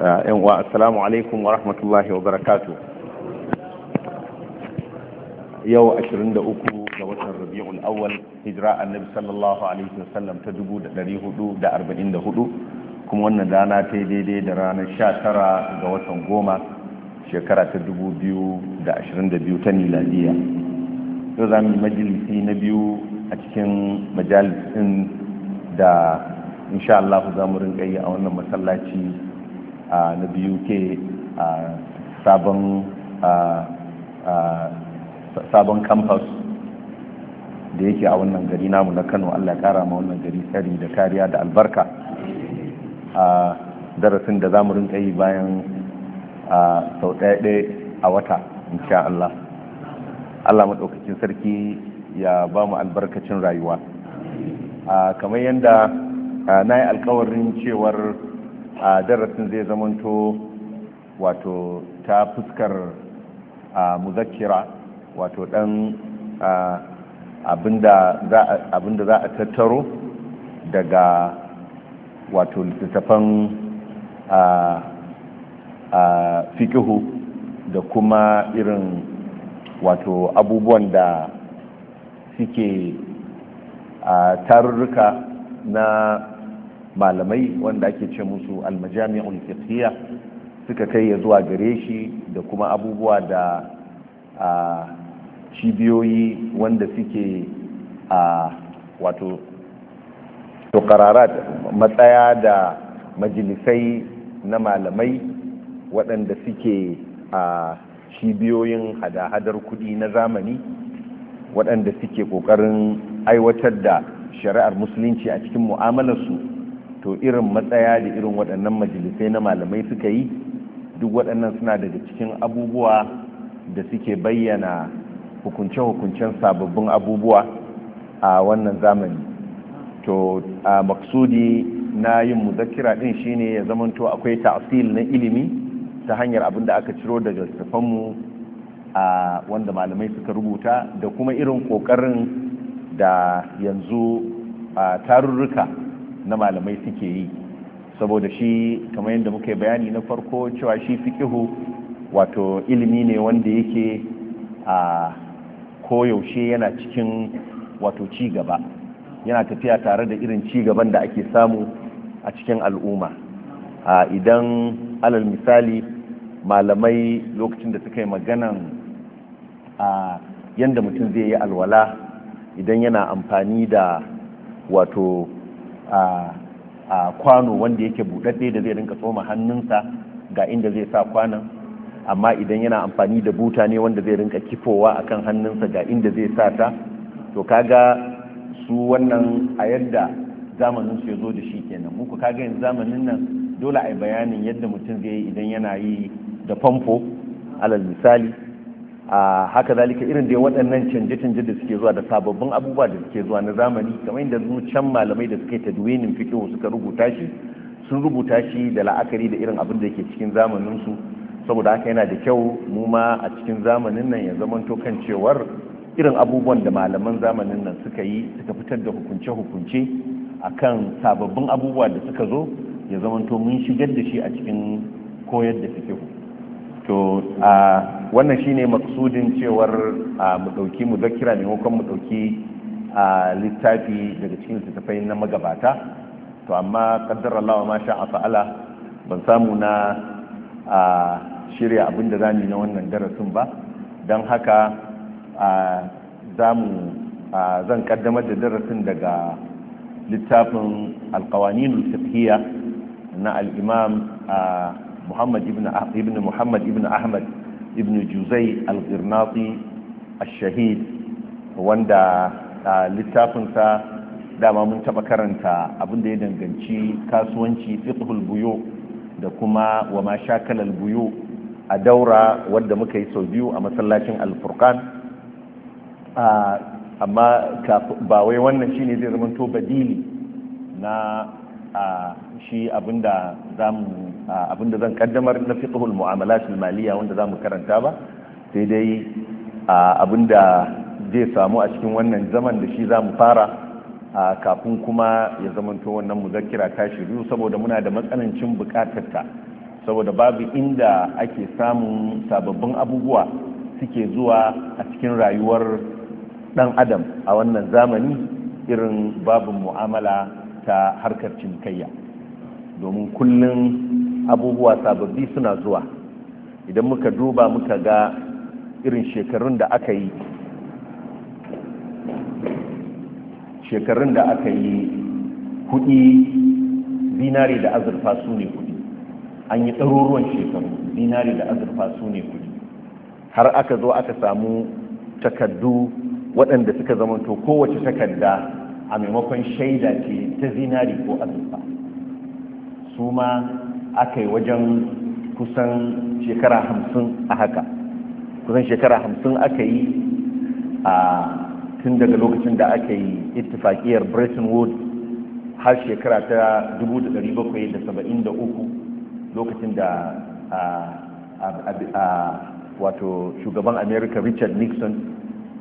Uh, yan uwa assalamu alaikum wa rahmatullahi wa barakatu yau 23 ga watan rabi'ul awwal hijira annabi sallallahu alaihi wasallam ta 1444 kuma wannan rana ta yi daidai da ranar 19 ga watan goma shekara ta 2022 ta miladiya yau za mu yi majalisi na biyu a cikin majalisin da insha Allah za mu rinka yi a wannan masallaci na biyu ke sabon campus da yake a wannan gari namu na Kano Allah kara ma wannan gari tsari da kariya da albarka a darasin da za mu rinka yi bayan sau ɗaya a wata insha Allah Allah maɗaukacin sarki ya ba mu albarkacin rayuwa kamar yadda na yi alkawarin cewar a darasin zai zamanto wato ta fuskar a muzakira wato dan abinda za a tattaro daga wato littattafan a fikihu da kuma irin wato abubuwan da suke a tarurruka na malamai wanda ake ce musu almajami'ul fiqhiyya suka kai ya zuwa gare shi da kuma abubuwa da a cibiyoyi wanda suke a wato matsaya da majalisai na malamai waɗanda suke a cibiyoyin hada-hadar kuɗi na zamani waɗanda suke ƙoƙarin aiwatar da shari'ar musulunci a cikin mu'amalarsu to irin matsaya da irin waɗannan majalisai na malamai suka yi duk waɗannan suna daga cikin abubuwa da suke bayyana hukunce-hukuncen sababbin abubuwa a wannan zamani to a maksudi na yin muzakira ɗin shine ya zamanto akwai ta'asil na ilimi ta hanyar abin da aka ciro daga littafanmu a wanda malamai suka rubuta da kuma irin ƙoƙarin da yanzu a tarurruka na malamai suke yi saboda shi kamar yadda muka yi bayani na farko cewa shi fikihu wato ilimi ne wanda yake a koyaushe yana cikin wato ci gaba yana tafiya tare da irin ci gaban da ake samu a cikin al'umma a idan alal misali malamai lokacin da suka yi maganan a yadda mutum zai yi alwala idan yana amfani da wato a kwano wanda yake buɗaɗɗe da zai rinka tsoma hannunsa ga inda zai sa kwanan amma idan yana amfani da buta ne wanda zai rinka kifowa a kan hannunsa ga inda zai sa ta to kaga su wannan a yadda zamanin su ya zo da shi kenan muku kaga yanzu zamanin nan dole a yi bayanin yadda mutum zai yi idan yana yi da famfo alal misali haka zalika irin da waɗannan canje-canje da suke zuwa da sababbin abubuwa da suke zuwa na zamani kamar yadda can malamai da suke tadwinin fikihu suka rubuta shi sun rubuta shi da la'akari da irin abin da yake cikin zamaninsu saboda haka yana da kyau mu ma a cikin zamanin nan ya zamanto kan cewar irin abubuwan da malaman zamanin nan suka yi suka fitar da hukunce-hukunce akan sababbin abubuwa da suka zo ya zamanto mun shigar da shi a cikin koyar da fikihu to a wannan shine maksudin cewar mu dauki mu zakira ne mu dauki a littafi daga cikin littattafai na magabata to amma kaddar Allah ma sha fa'ala ban samu na a shirya abin da zamu na wannan darasin ba don haka zamu zan kaddamar da darasin daga littafin alkawani fiqhiyya na al-imam muhammad ibn muhammad ibn ahmad ibnu juzai al-girnati al-shahid wanda littafinsa dama mun taɓa karanta abinda ya danganci kasuwanci fiqhul buyo da kuma wa ma shakalal buyo a daura wadda muka yi sau biyu a masallacin al-furqan amma ba wai wannan shine zai zama to badili na a shi abinda zamu abinda zan kaddamar na fiqhul mu'amalat al-maliya wanda zamu karanta ba sai dai abinda zai samu a cikin wannan zaman da shi zamu fara kafin kuma ya zamanto wannan muzakkira ta shiryu saboda muna da matsanancin bukatar ta saboda babu inda ake samun sababbin abubuwa suke zuwa a cikin rayuwar dan adam a wannan zamani irin babu mu'amala ta harkar cinikayya domin kullum abubuwa sababbi suna zuwa idan muka duba muka ga irin shekarun da aka yi shekarun da aka yi kudi dinari da azurfa su ne kudi an yi ɗaruruwan shekaru binari da azurfa su ne kudi har aka zo aka samu takardu waɗanda suka zamanto kowace takarda. a maimakon shaida ce ta zinari ko azurfa su ma aka yi wajen kusan shekara hamsin a haka kusan shekara hamsin aka yi a tun daga lokacin da aka yi ittifakiyar bretton woods har shekara ta 1773 lokacin da wato shugaban america richard nixon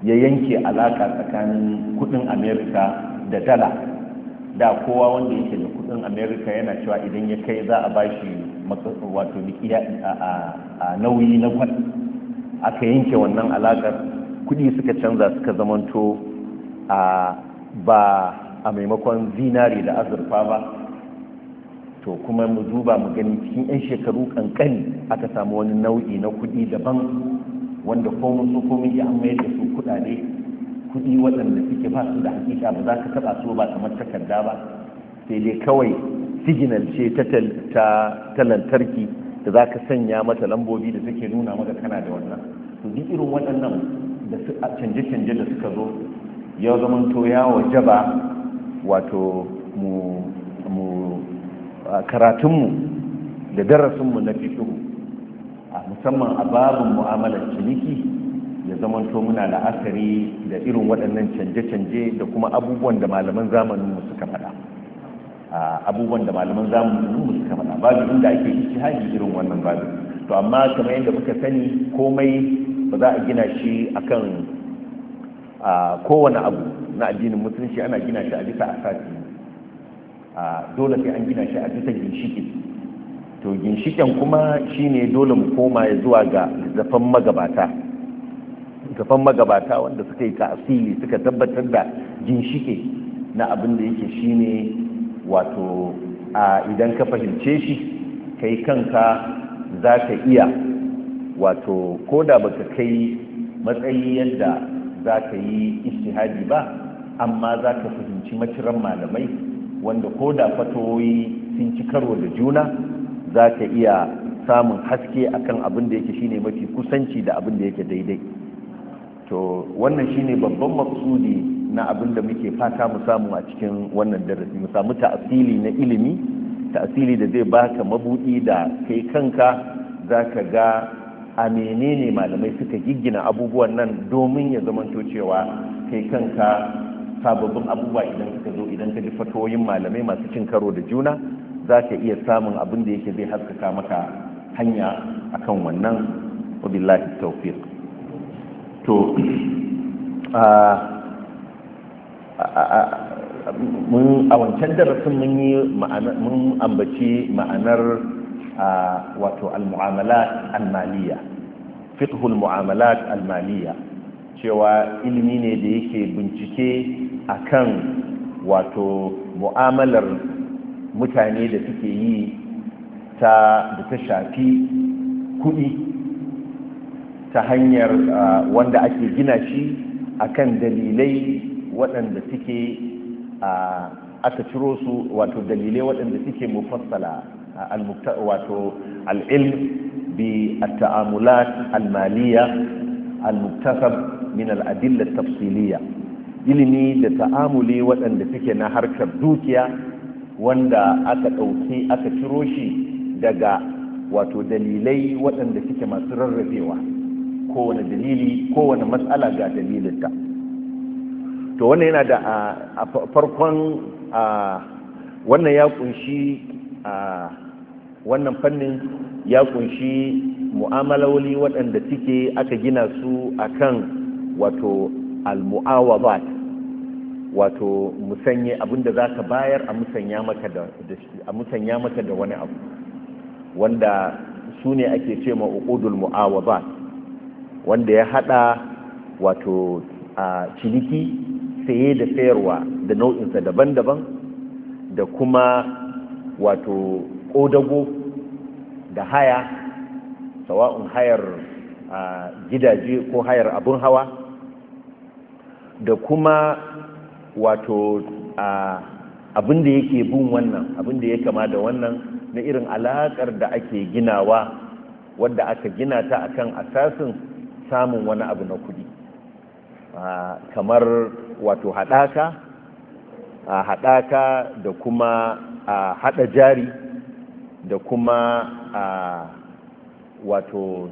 ya yanke alaka tsakanin kudin america da dala da kowa wanda yake da kudin amerika yana cewa idan ya kai za a bashi wato a nauyi na gwal aka yanke wannan alakar kudi suka canza suka zamanto a ba a maimakon zinari da azurfa ba to kuma mu duba mu gani cikin 'yan shekaru kankani aka samu wani nau'i na kudi daban wanda ko su so ko mun amma yadda su kudade kuɗi waɗanda suke ba su da hakika ba za ka taɓa su ba kamar takarda ba sai dai kawai siginal ce ta lantarki da za ka sanya mata lambobi da suke nuna maka kana da wannan to duk irin waɗannan da su canje-canje da suka zo ya zama to ya waje ba wato mu mu karatunmu da darasinmu na fito a musamman a babin mu'amalar ciniki zamanto muna la'akari da irin waɗannan canje-canje da kuma abubuwan da malaman zamaninmu suka faɗa abubuwan da malaman zamaninmu suka faɗa babu inda ake haji irin wannan babu to amma kamar yadda muka sani komai ba za a gina shi akan kowane abu na addinin musulunci ana gina shi a bisa asasi dole sai an gina shi a bisa ginshiƙi to ginshiken kuma shine dole mu koma zuwa ga zafan magabata tafan magabata wanda suka yi tasiri suka tabbatar da ginshike na abin da yake shine wato a idan ka fahimce shi kai kanka za ka iya wato ko da baka kai matsayi yadda za ka yi istihadi ba amma za ka fahimci maciran malamai wanda ko da fatoyi sun ci karo da juna za ka iya samun haske akan abin da yake shine mafi kusanci da abin da yake daidai to wannan shine babban maksudi na abin da muke fata mu samu a cikin wannan darasi mu samu ta'asili na ilimi ta'asili da zai baka mabudi da kai kanka zaka ga a menene malamai suka giggina abubuwan nan domin ya zamanto cewa kai kanka sababbin abubuwa idan suka zo idan ka ji fatoyin malamai masu cin karo da juna za ka iya samun abin da yake zai haskaka maka hanya akan wannan wabillahi tawfiq to a wancan darasin mun yi mun ambaci ma'anar wato al-mu'amalat al-maliya fiqhul mu'amalat al-maliya cewa ilimi ne da yake bincike akan wato mu'amalar mutane da suke yi ta da ta shafi kuɗi ta hanyar wanda ake gina shi a kan dalilai waɗanda suke aka ciro su wato dalilai waɗanda suke mufassala wato al'ilm bi ta'amulat al-maliya al-muktasab min al'adilla tafsiliya ilimi da ta'amuli waɗanda suke na harkar dukiya wanda aka ɗauki aka ciro shi daga wato dalilai waɗanda suke masu rarrabewa kowane dalili kowane matsala ga dalilinta to wannan yana da a farkon wannan ya kunshi wannan fannin ya kunshi mu'amaloli waɗanda suke aka gina su akan wato al-mu'awabat wato musanye abinda zaka bayar a musanya maka da wani abu wanda su ne ake ce ma uqudul mu'awabat wanda ya hada wato a ciniki saye da sayarwa da nau'insa daban-daban da kuma wato kodago da haya sawa'un hayar gidaje ko hayar abun hawa da kuma wato abin da yake bin wannan abin da ya kama da wannan na irin alaƙar da ake ginawa wadda aka gina ta akan asasin samun wani abu na kudi ah, kamar wato haɗaka haɗaka da kuma haɗa jari da kuma wato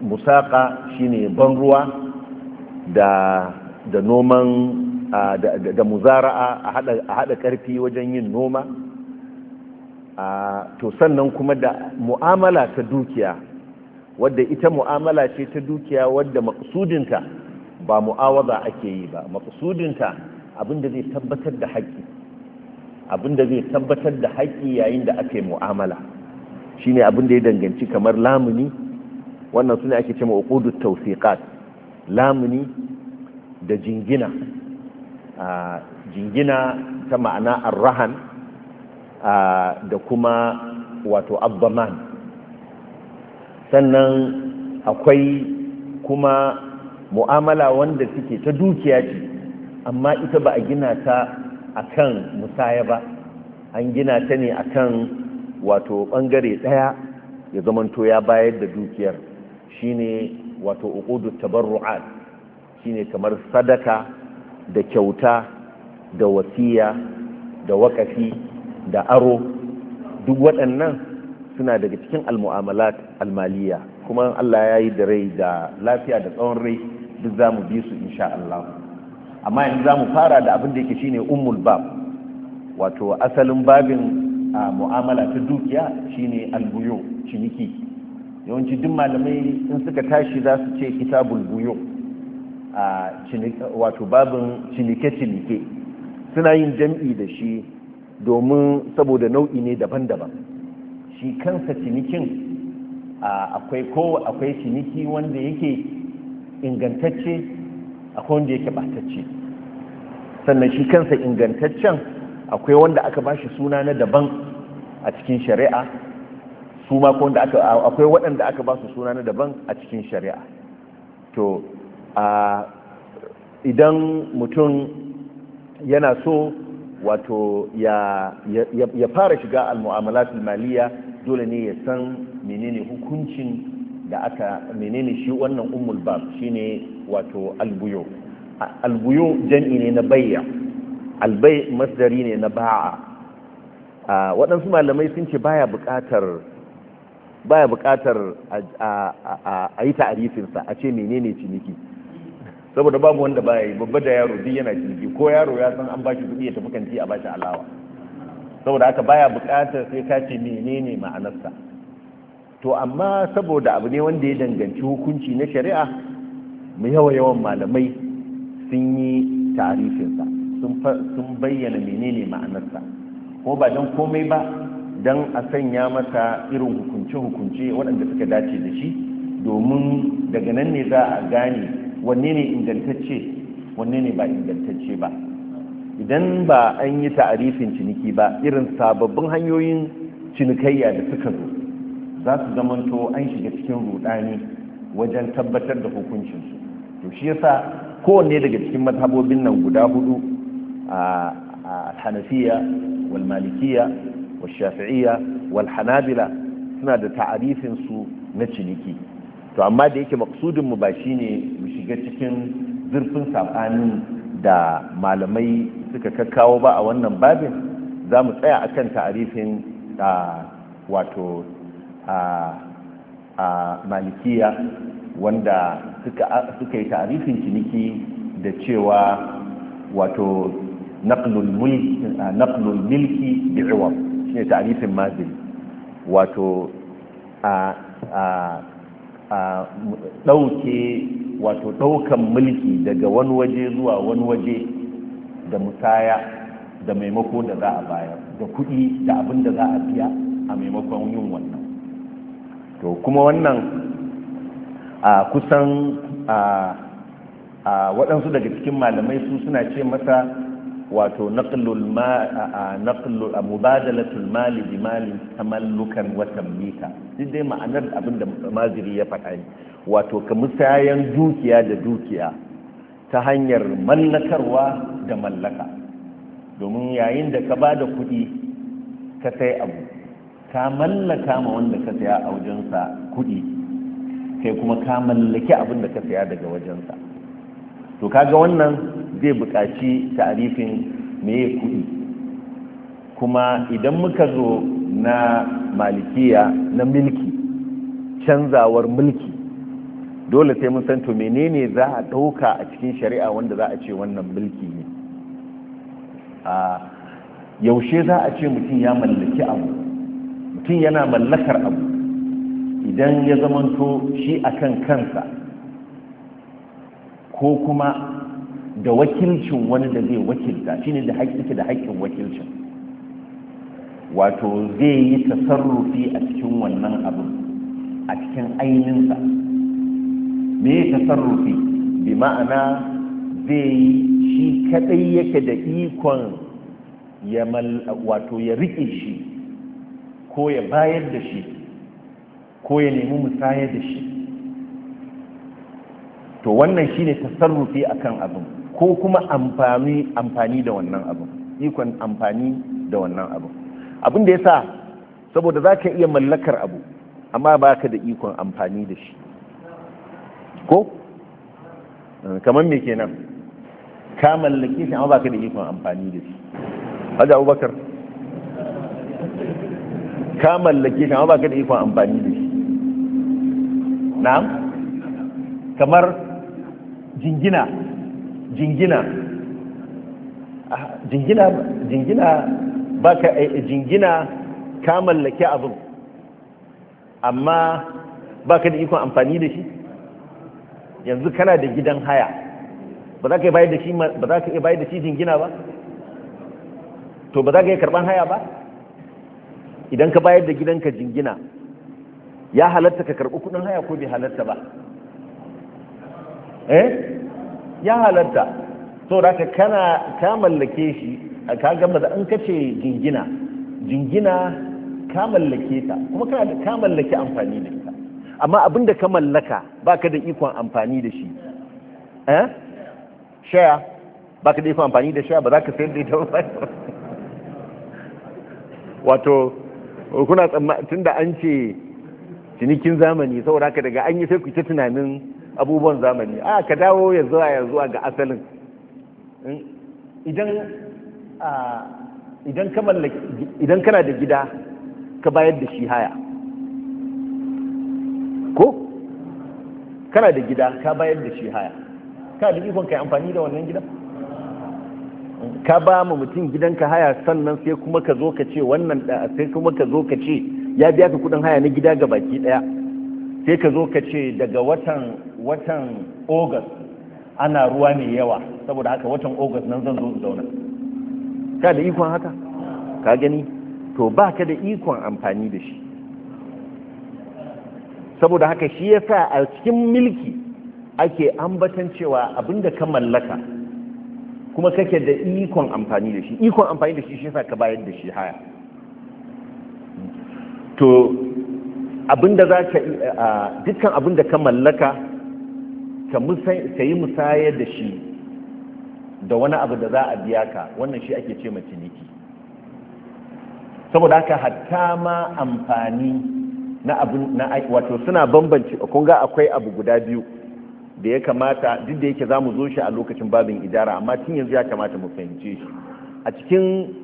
musaka shine ban ruwa da noman da muzara'a a haɗa ƙarfi wajen yin noma ah, to sannan kuma da mu'amala ta dukiya wadda ita mu'amala ce ta dukiya wadda maksudinta ba mu'awaza ake yi ba maksudinta abinda zai tabbatar da haƙƙi abinda zai tabbatar da haƙƙi yayin da ake mu'amala shine abinda ya danganci kamar lamuni wannan sune ake cewa uqudut tawsiqat lamuni da jingina jingina ta ma'ana arrahan da kuma wato abbaman sannan akwai kuma mu'amala wanda suke ta dukiya ce amma ita ba a gina ta a kan musaya ba an gina ta ne a kan wato ɓangare ɗaya ya zamanto ya bayar da dukiyar shi ne wato uqudu tabarru'at ne kamar sadaka da kyauta da wasiya da wakafi da aro duk waɗannan suna daga cikin almu'amalat almaliya kuma Allah ya yi da rai da lafiya da tsawon rai duk za mu bi su insha Allah amma yanzu za mu fara da abin da yake shine ummul bab wato asalin babin mu'amala ta dukiya shine albuyo ciniki yawanci duk malamai in suka tashi za su ce kitabul buyo a wato babin cinike-cinike suna yin jam'i da shi domin saboda nau'i ne daban-daban shi kansa cinikin akwai ko akwai ciniki wanda yake ingantacce akwai wanda yake batacce sannan shi kansa ingantaccen akwai wanda aka ba shi suna na daban a cikin shari'a su ma akwai waɗanda aka ba su suna na daban a cikin shari'a to idan mutum yana so wato ya fara shiga al-mu'amalatul maliyya dole ne ya san menene hukuncin da aka menene shi wannan ummul bab shine wato albuyo albuyo jan'i ne na bayya albay masdari ne na ba'a waɗansu malamai sun ce baya buƙatar baya buƙatar a yi ta'arifinsa a ce menene ciniki saboda babu wanda baya yi babba da yaro duk yana ciniki ko yaro ya san an bashi kuɗi ya tafi kanti a bashi alawa saboda haka baya bukatar sai ka ce menene ma'anarsa to amma saboda abu ne wanda ya danganci hukunci na shari'a mu yawa yawan malamai sun yi tarifinsa sun bayyana menene ma'anarsa ko ba don komai ba don a sanya masa irin hukunce-hukunce waɗanda suka dace da shi domin daga nan ne za a gane wanne ne ingantacce wanne ne ba ingantacce ba idan ba an yi ta'arifin ciniki ba irin sababbin hanyoyin cinikayya da suka zo za su zamanto an shiga cikin rudani wajen tabbatar da hukuncinsu to shi yasa kowanne daga cikin mazhabobin nan guda hudu a hanafiya wal malikiya wal shafi'iya wal hanabila suna da ta'arifin su na ciniki to amma da yake maksudin mu ba shine mu shiga cikin zurfin sabanin da malamai suka kakkawo ba a wannan babin za mu tsaya a kan ta'arifin wato a malikiya wanda suka yi ta'arifin ciniki da cewa wato naqlul milki bi'iwam shi ne ta'arifin mazil wato a ɗauke wato ɗaukan mulki daga wani waje zuwa wani waje da musaya da maimako da za a bayar da kuɗi da abin da za a biya a maimakon yin wannan to kuma wannan a kusan a waɗansu daga cikin malamai su suna ce masa wato mubadalatul mali bi mali tamallukan watan mita duk dai ma'anar abin da maziri ya faɗa ne wato ka musayan dukiya da dukiya ta hanyar mallakarwa da mallaka domin yayin da ka ba da kuɗi ka sai abu ka mallaka ma wanda ka saya a wajensa kuɗi sai kuma ka mallaki abin da ka saya daga wajensa to kaga wannan zai buƙaci tarifin meye kuɗi kuma idan muka zo na malikiya na milki canzawar mulki dole sai mun san to menene za a ɗauka a cikin shari'a wanda za a ce wannan mulki ne a yaushe za a ce mutum ya mallaki abu mutum yana mallakar abu idan ya zamanto shi akan kansa ko kuma da wakilcin wani da zai wakilta shine da haƙƙi da haƙƙin wakilcin wato zai yi tasarrufi a cikin wannan abin a cikin ainihinsa me tasarrufi bi ma'ana zai yi shi kadai yake da ikon ya wato ya riƙe shi ko ya bayar da shi ko ya nemi musaya da shi to wannan shine tasarrufi akan abin ko kuma amfani amfani da wannan abin ikon amfani da wannan abin abin da yasa saboda za ka iya mallakar abu amma ba ka da ikon amfani da shi ko eh, kamar me kenan ka mallake shi amma baka da ikon amfani da shi haji abubakar ka mallake shi amma baka da ikon amfani da shi na'am kamar jingina jingina ah, jingina jingina baka eh, eh, jingina ka mallake abin amma baka da ikon amfani da shi yanzu kana da gidan haya ba za ka yi bayar da shi jingina ba to ba za ka yi karban haya ba idan ka bayar da gidanka jingina ya halatta ka karɓi kuɗin haya ko bai halatta ba eh ya halatta to da ka kana ka mallake shi ka gama da an kace jingina jingina ka mallake ta kuma kana da ka mallake amfani da ita amma abin da ka mallaka baka da ikon amfani da shi eh ba baka da ikon amfani da shaya ba za ka sayar da ita ba wato kuna tun da an ce cinikin zamani saboda ka daga an yi sai ku ta tunanin abubuwan zamani a ah, ka dawo ya zuwa ya zuwa ga asalin hmm? idan ah, idan ka mallaki idan kana da gida ka bayar da shi haya ko kana da gida ka bayar da shi haya ka da ikon kai amfani da wannan gidan ka ba mu mutum gidanka haya sannan sai kuma ka zo ka ce wannan sai kuma ka zo ka ce ya biya ka kudin haya na gida ga baki daya sai ka zo ka ce daga watan watan august ana ruwa mai yawa saboda haka watan august nan zan zo su zauna ka da ikon haka ka gani to ba ka da ikon amfani da shi saboda haka shi ya sa a cikin milki ake ambatan cewa abinda ka mallaka kuma kake da ikon amfani da shi ikon amfani da shi shi sa ka bayar da shi haya to abinda za ka dukkan abinda ka mallaka ka yi musayar da shi da wani abu da za a biya ka wannan shi ake ce ciniki saboda haka hatta ma amfani na abin na wato suna bambanci kun ga akwai abu guda biyu da ya kamata duk da yake za mu zo shi a lokacin babin idara amma tun yanzu ya kamata mu fahimce shi a cikin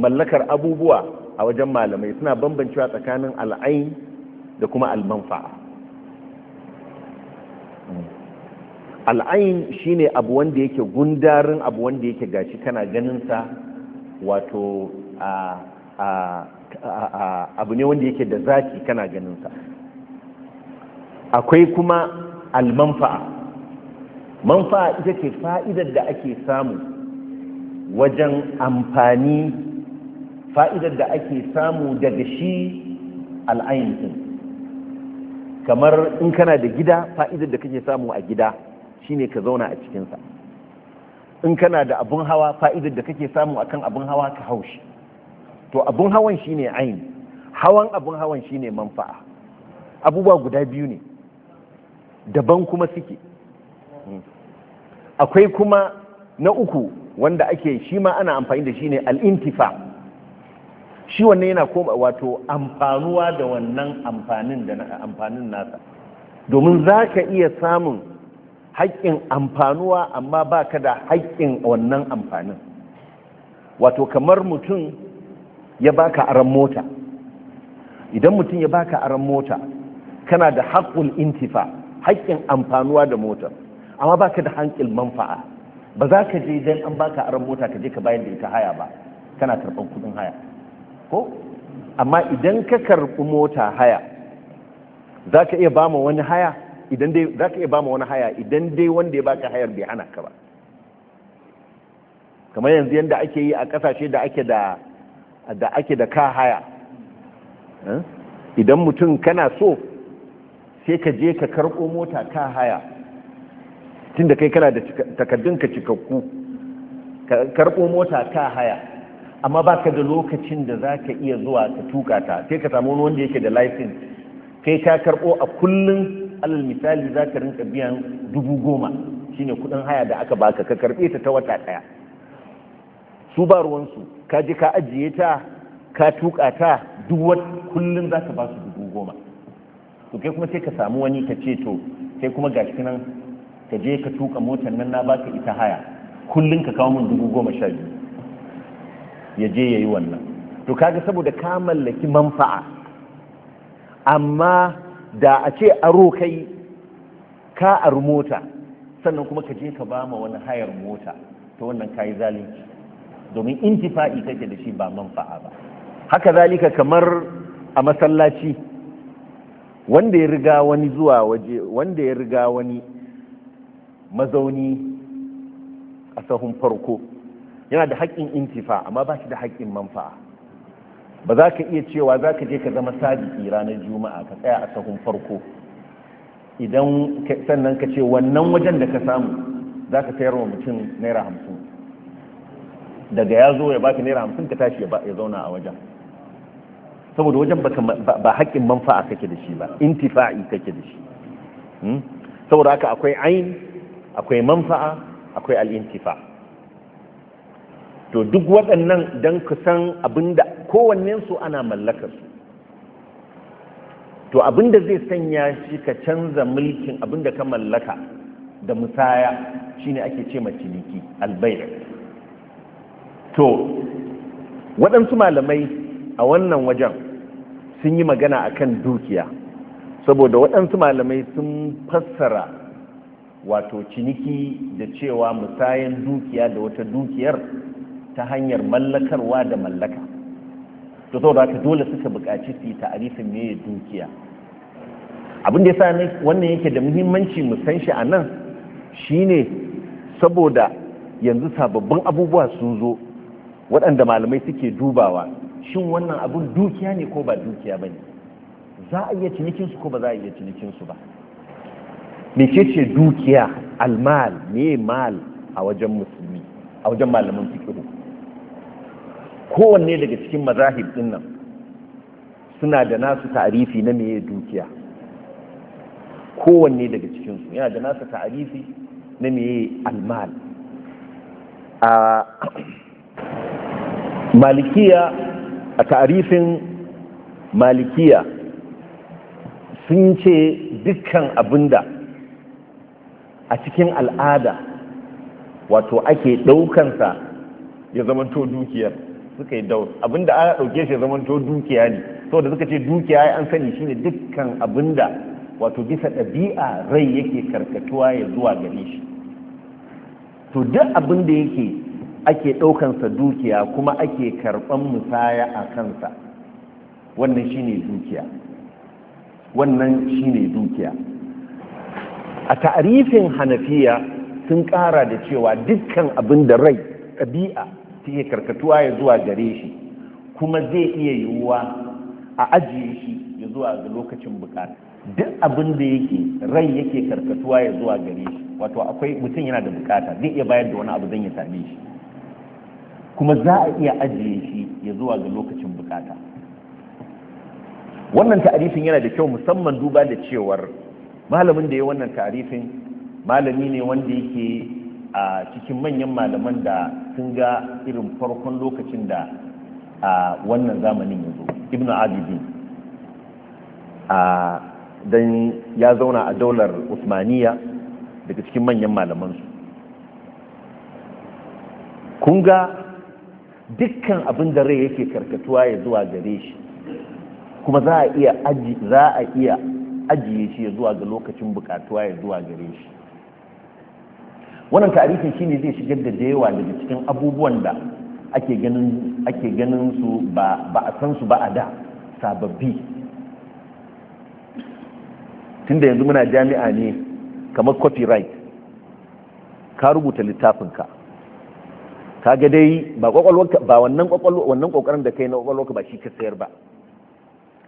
mallakar abubuwa a wajen malamai suna bambancewa tsakanin al'ain da kuma almanfa'a al'ain shine abu wanda yake gundarin abu wanda yake gashi kana ganin sa wato a abu ne wanda yake da zaki kana ganinsa akwai kuma almanfa'a manfa'a ita ce fa'idar da ake samu wajen amfani fa'idar da ake samu daga shi al'ayin kamar in kana da gida fa'idar da kake samu a gida shine ka zauna a cikinsa in kana da abun hawa fa'idar da kake samu akan abun hawa ka haushi to abun hawan shine aini hawan abun hawan shine manfa'a abubuwa guda biyu ne daban kuma suke akwai kuma na uku wanda ake shi ma ana amfani da shi ne al'intifa shi wannan yana koma wato amfanuwa da wannan amfanin da amfanin nasa domin za ka iya samun haƙƙin amfanuwa amma ba ka da haƙƙin wannan amfanin wato kamar mutum ya baka aran mota idan mutum ya baka aran mota kana da haƙƙul intifa haƙƙin amfanuwa da motar amma baka da haƙƙin manfa'a ba za ka je idan an baka aran mota ka je ka bayar da ita haya ba kana karɓar kuɗin haya ko amma idan ka karɓi mota haya za ka iya bama wani haya idan dai za ka iya bama wani haya idan dai wanda ya baka hayar bai hana ka ba kamar yanzu yadda ake yi a kasashe da ake da da ake da ka haya eh? idan mutum kana so sai ka je ka karko mota ka haya tun da kai kana da ka cikakku ka karko mota ka haya amma ba ka da lokacin da za ka iya zuwa ka tuka ta sai ka samu wanda yake da license kai ka karko a kullum alal misali za ka rinka biyan dubu goma shine kudin haya da aka baka ka karbe ta ta wata daya su ba ruwansu ka je ka ajiye ta ka tuka ta duk wani kullum za ka ba su dubu goma to kai kuma sai ka samu wani ka ce to sai kuma ga shi nan ka je ka tuka motar nan na ka ita haya kullum ka kawo min dubu goma sha biyu ya je ya yi wannan to kaga saboda ka mallaki manfa'a amma da a ce aro kai ka ar mota sannan kuma ka je ka ba ma wani hayar mota ta wannan kayi zalunci domin intifa'i kake da shi ba manfa'a ba haka zalika kamar a masallaci wanda ya riga wani zuwa waje wanda ya riga wani mazauni a sahun farko yana da haƙƙin intifa amma ba shi da haƙƙin manfa'a ba za ka iya cewa za ka je ka zama sadiki ranar juma'a ka tsaya a sahun farko idan sannan ka ce wannan wajen da ka samu za ka sayar wa mutum naira hamsin daga ya zo ya baka naira hamsin ka tashi ya zauna a wajen saboda wajen ba haƙƙin manfa'a kake da shi ba intifa'i kake da shi hmm? saboda haka akwai ain akwai manfa'a akwai al'intifa to duk waɗannan don ku san abinda kowannensu ana mallakar su to abinda zai sanya shi ka canza mulkin abinda ka mallaka da musaya shine ake ce ma ciniki albayar to waɗansu malamai a wannan wajen sun yi magana akan dukiya saboda waɗansu malamai sun fassara wato ciniki da cewa musayan dukiya da wata dukiyar ta hanyar mallakarwa da mallaka to saboda haka dole suka buƙaci su yi ta'arifin meye dukiya abin da ya sa wannan yake da muhimmanci mu san shi a nan shine saboda yanzu sababbin abubuwa sun zo waɗanda malamai suke dubawa shin wannan abun dukiya ne ko ba dukiya ba ne za a iya cinikinsu ko ba za a iya cinikinsu ba Me ke ce dukiya almal ne mal a wajen musulmi a wajen malaman fikihu kowanne daga cikin mazahib din nan suna da nasu ta'arifi na meye dukiya kowanne daga cikinsu yana da nasu ta'arifi na meye almal ah, malikiya a tarifin malikiya sun ce dukkan abinda a cikin al'ada wato ake ɗaukansa ya zamanto dukiyar suka yi daur abinda ana ɗauke shi ya zamanto dukiya ne saboda suka ce dukiya ya an sani shine dukkan abinda wato bisa ɗabi'a rai yake karkatuwa ya zuwa gare shi to duk abinda yake ake ɗaukansa dukiya kuma ake karɓan musaya a kansa wannan shine dukiya wannan shine dukiya a ta'arifin hanafiya sun ƙara da cewa dukkan abin da rai ɗabi'a take karkatuwa ya zuwa gare shi kuma zai iya yiwuwa a ajiye shi ya zuwa ga lokacin bukata duk abin da yake rai yake karkatuwa ya zuwa gare shi wato akwai mutum yana da bukata zai iya bayar da wani abu don ya same shi kuma za a iya ajiye shi ya zuwa ga lokacin bukata wannan ta'arifin yana da kyau musamman duba da cewar malamin da ya wannan ta'arifin malami ne wanda yake a cikin manyan malaman da sun ga irin farkon lokacin da a wannan zamanin ya zo ibn abidin a don ya zauna a daular usmaniya daga cikin manyan malamansu kun ga dukkan abin da rai yake karkatuwa ya zuwa gare shi kuma za a iya za a ajiye shi ya zuwa ga lokacin bukatuwa ya zuwa gare shi wannan tarihin shine zai shigar da dayawa daga cikin abubuwan da ake ganin su ba ba a san su ba a da sababbi tunda yanzu muna jami'a ne kamar copyright ka rubuta littafinka kaga dai ba kwakwalwarka ba wannan kwakwalwar wannan kokarin da kai na kwakwalwarka ba shi ka sayar ba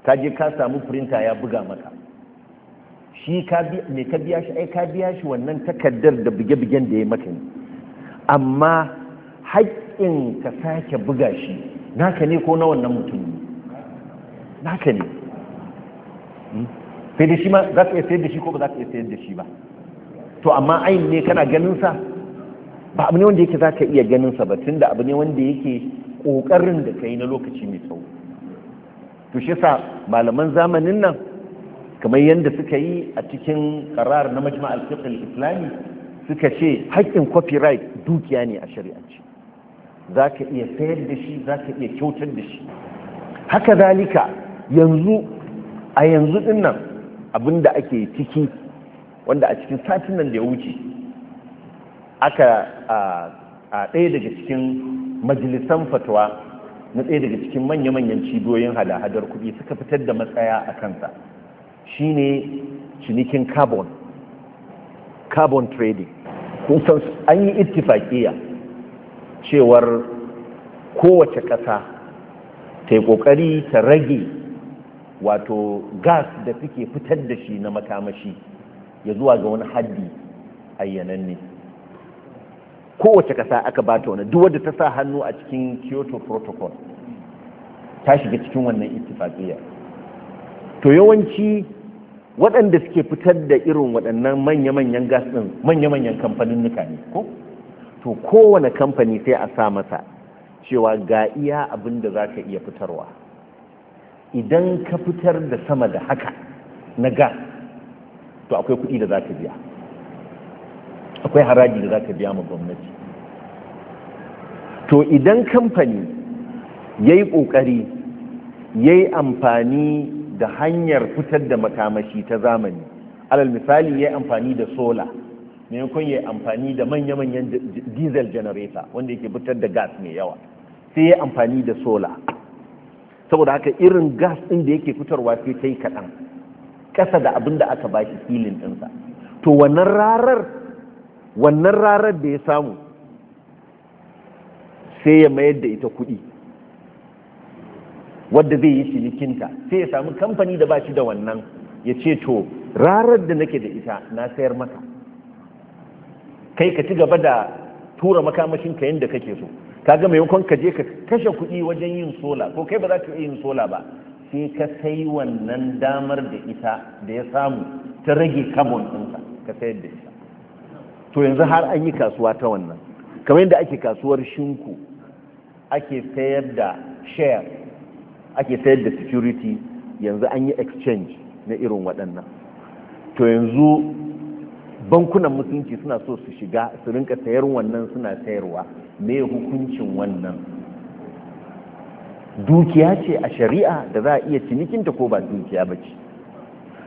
ka je ka samu printer ya buga maka shi ka me ka biya shi ai ka biya shi wannan takardar da buge-bugen da ya maka ne amma haƙƙin ka sake buga shi naka ne ko na wannan mutum ne naka ne hmm? sai da shi ma za ka iya sayar da shi ko ba za ka iya sayar da shi ba to amma ayin ne kana ganin sa ba abu ne wanda yake za ka iya ganin sa ba tunda abu ne wanda yake ƙoƙarin da ka yi na lokaci mai tsawo to shi sa malaman zamanin nan kamar yadda suka yi a cikin karar na majma al-fiqh islami suka ce haƙƙin copyright dukiya ne a shari'ance za ka iya sayar da shi za ka iya kyautar da shi haka zalika yanzu a yanzu din nan abinda ake ciki wanda a cikin satin nan da ya wuce aka a ɗaya daga cikin majalisan fatawa na ɗaya daga cikin manya-manyan cibiyoyin hada-hadar kuɗi suka fitar da matsaya a kansa shine cinikin carbon carbon trading kusan an yi ittifaƙiya cewar kowace ƙasa ta yi ƙoƙari ta rage wato gas da suke fitar da shi na makamashi ya zuwa ga wani haddi ne. kowace ƙasa aka ba ta wani duk wadda ta sa hannu a cikin kyoto protocol ta shiga cikin wannan ittifaqiyya to yawanci waɗanda suke fitar da irin waɗannan manya-manyan gas ɗin manya-manyan kamfanin nuka ne ko to kowane kamfani sai a sa masa cewa ga iya abin da za iya fitarwa idan ka fitar da sama da haka na gas to akwai kuɗi da za biya akwai haraji da za ka biya ma gwamnati to idan kamfani ya yi ƙoƙari ya yi amfani da hanyar fitar da makamashi ta zamani alal misali ya yi amfani da sola maimakon ya yi amfani da manya-manyan diesel generator wanda yake fitar da gas mai yawa sai ya yi amfani da sola saboda haka irin gas ɗin da yake fitarwa sai ta yi kaɗan ƙasa da abin da aka ba shi filin ɗinsa to wannan rarar wannan rarar da ya samu sai ya mayar da ita kuɗi wadda zai yi cinikinta sai ya samu kamfani da ba shi da wannan ya ce to rarar da nake da ita na sayar maka kai ka ci gaba da tura makamashin ka yadda kake so kaga maimakon ka je ka kashe kuɗi wajen yin sola ko kai ba za ka iya yin sola ba sai ka sai wannan damar da ita da ya samu ta rage kabon ɗinsa ka sayar da ita to yanzu har an yi kasuwa ta wannan kamar yadda ake kasuwar shinku ake sayar da share ake sayar da security yanzu an yi exchange na irin waɗannan to yanzu bankunan musulunci suna so su shiga su rinka sayar wannan suna sayarwa me hukuncin wannan dukiya ce a shari'a da za a iya cinikinta ko ba dukiya ba ce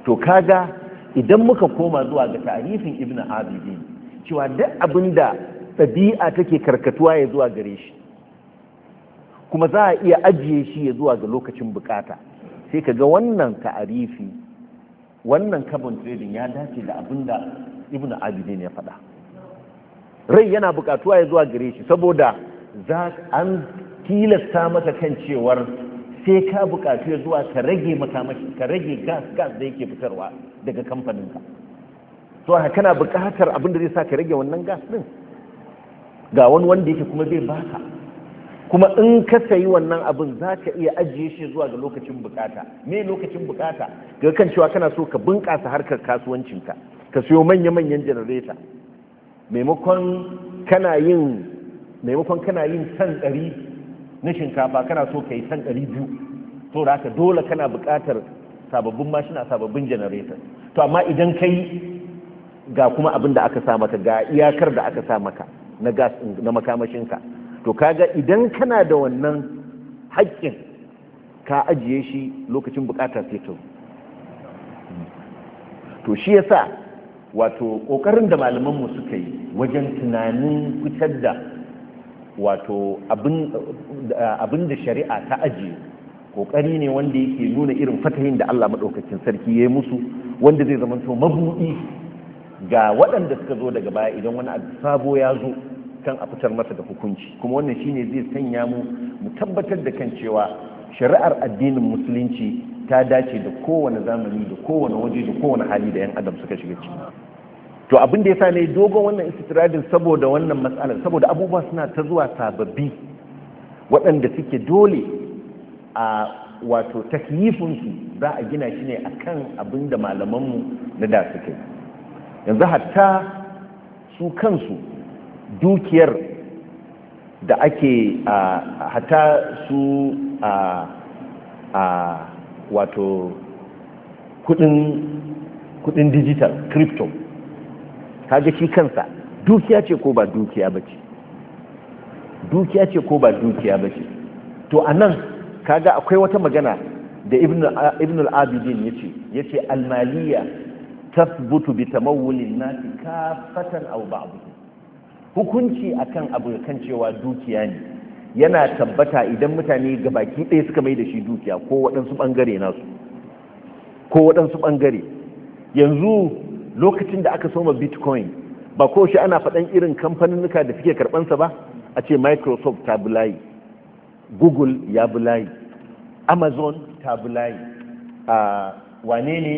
to kaga idan muka koma zuwa ga tarifin ibn abidin cewa duk abin da ɗabi'a take karkatuwa ya zuwa gare shi kuma za a iya ajiye shi ya zuwa ga lokacin bukata sai ka ga wannan ta'arifi wannan carbon trading ya dace da abin da ibn abidin ya faɗa rai yana bukatuwa ya zuwa gare shi saboda za an tilasta masa kan cewar sai ka bukatu ya zuwa ka rage ka rage gas gas da yake fitarwa daga kamfaninka to ha kana buƙatar abin da zai sa ka rage wannan gas din ga wani wanda yake kuma zai baka kuma in ka sayi wannan abin za ka iya ajiye shi zuwa ga lokacin bukata me lokacin bukata ga kan cewa kana so ka bunƙasa harkar kasuwancinka ka siyo manya-manyan janareta maimakon kana yin san kana ɗari na shinkafa kana so ka yi san ɗari biyu to da haka dole kana buƙatar sababbin mashina sababbin janareta to amma idan ka yi ga kuma abin da aka sa maka ga iyakar da aka sa maka na gas na makamashinka to kaga idan kana da wannan haƙƙin ka ajiye shi lokacin bukatar fetur to shi yasa wato kokarin da malamanmu suka yi wajen tunanin fitar da wato abin da shari'a ta ajiye kokari ne wanda yake nuna irin fatahin da Allah maɗaukacin sarki ya yi musu wanda zai zamanto mabuɗi ga waɗanda suka zo daga baya idan wani abu sabo ya zo kan a fitar masa da hukunci kuma wannan shine zai sanya mu mu tabbatar da kan cewa shari'ar addinin musulunci ta dace da kowane zamani da kowane waje da kowane hali da yan adam suka shiga ciki to abin da yasa ne dogon wannan istitradin saboda wannan matsalar saboda abubuwa suna ta zuwa sababbi waɗanda suke dole a wato takyifinsu za a gina shi ne a kan abin da malamanmu na da suka yi yanzu hatta su kansu dukiyar da ake hatta su a wato kudin digital crypto kaga shi kansa dukiya ce ko ba dukiya ba dukiya ce ko ba dukiya ba to a nan kaga akwai wata magana da ibn al-abidin ya ce ya ce almaliya tasbutu bi tamawulin nasi kafatan aw ba'd hukunci akan abu kan cewa dukiya ne yana tabbata idan mutane ga baki ɗaya suka mai da shi dukiya ko waɗansu ɓangare nasu ko waɗansu ɓangare yanzu lokacin da aka soma bitcoin ba ko shi ana faɗan irin kamfanin kamfaninnuka da suke karɓansa ba a ce microsoft ta bulayi google ya bulayi amazon ta bulayi wane ne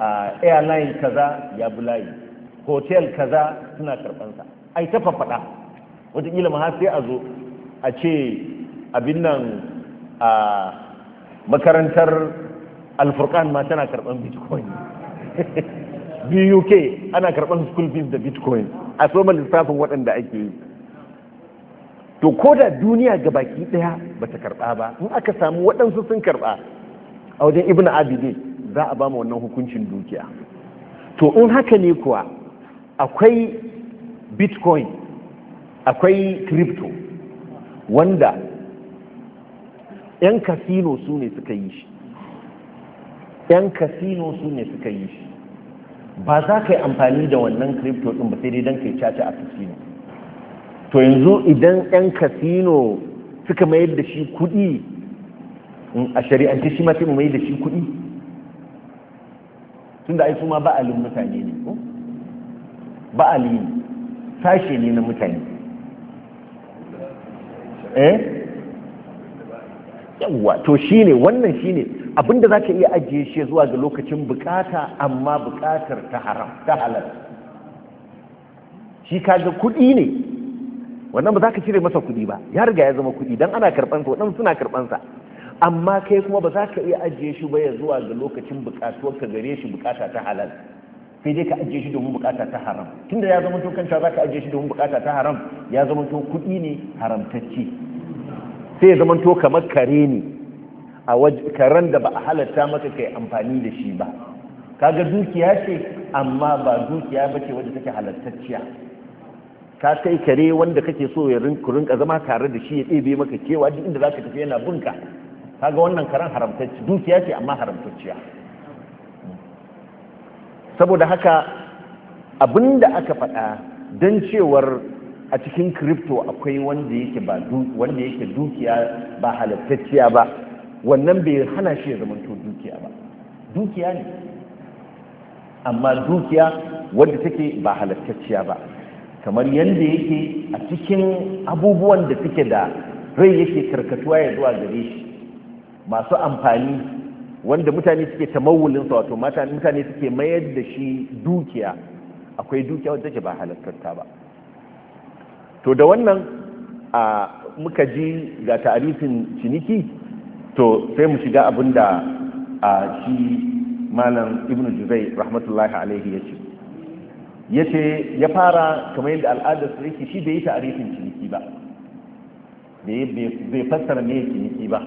a airline kaza ya bi layi hotel kaza suna karbansa ai ta faɗa wataƙila ma sai a zo a ce abin nan a makarantar alfurkan ma tana karban bitcoin buk ana karɓar school fees da bitcoin a soma lissafin waɗanda ake yi to ko da duniya ga baki ɗaya ba ta karɓa ba in aka samu waɗansu sun karɓa a wajen ibn abidin za a ba mu wannan hukuncin dukiya to in haka ne kuwa akwai bitcoin akwai crypto wanda 'yan kasino su ne suka yi shi 'yan kasino su ne suka yi shi ba za ka yi amfani da wannan crypto din ba sai dai don ka yi caca a kasino to yanzu idan 'yan kasino suka mayar da shi kudi a shari'ance shi ma sai mayar da shi kudi tun da ai su ma ba'alin mutane ne ko ba'ali ne sashe ne na mutane eh yawwa to ne wannan shi ne abinda zaka iya ajiye shi zuwa ga lokacin bukata amma bukatar ta haram ta halar shi kaga kudi ne wannan ba za ka cire masa kudi ba ya riga ya zama kudi don ana karɓansa sa suna karɓansa amma kai kuma ba za ka iya ajiye shi ba ya zuwa ga lokacin bukatuwar ka gare shi bukata ta halal sai dai ka ajiye shi domin bukata ta haram tunda ya zama to kan za ka ajiye shi domin bukata ta haram ya zama to kuɗi ne haramtacce sai ya zama to kamar kare ne a karen da ba a halatta maka kai amfani da shi ba kaga dukiya ce amma ba dukiya ba ce wadda take halattacciya ka kai kare wanda kake so ya rinka zama tare da shi ya ɗebe maka kewa duk inda za ka tafi yana bunka kaga wannan karen haramtacci dukiya ce amma haramtacciya saboda haka abinda aka faɗa don cewar a cikin crypto akwai wanda yake ba wanda yake dukiya ba halittacciya ba wannan bai hana shi ya zamanto dukiya ba dukiya ne amma dukiya wadda take ba halittacciya ba kamar yadda yake a cikin abubuwan da take da rai yake karkatuwa ya zuwa gare shi masu amfani wanda mutane suke tamawulin sa wato mutane suke mayar da shi dukiya akwai dukiya wadda ke ba halartarta ba to da wannan a muka ji ga tarifin ciniki to sai mu shiga abin da a shi malam Ibn juzai rahmatullahi alaihi ya ce ya ce ya fara kamar yadda al'adar su yake shi bai yi tarifin ciniki ba bai fassara mai ciniki ba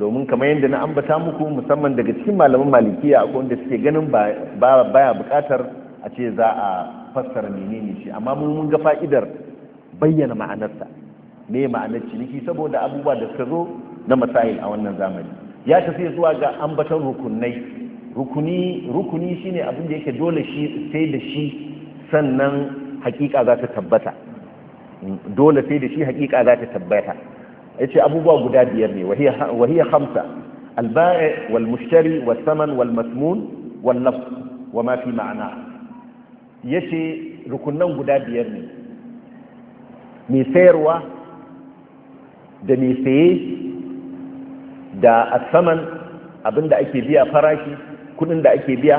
domin kamar yadda na ambata muku musamman daga cikin malaman malikiya akwai wanda suke ganin baya bukatar a ce za a fassara menene shi amma mun ga fa'idar bayyana ma'anarsa me ma'anar ciniki saboda abubuwa da suka zo na masail a wannan zamani ya tafi zuwa ga ambatan rukunai rukuni rukuni shine abin da yake dole shi sai da shi sannan hakika dole sai da shi hakika za ta tabbata yace abubuwa guda biyar ne wa hiya khamsa al wal mushtari wal masmun wa fi ma'ana yace rukunnan guda biyar ne mai sayarwa da mai saye da asaman abinda ake biya farashi kudin da ake biya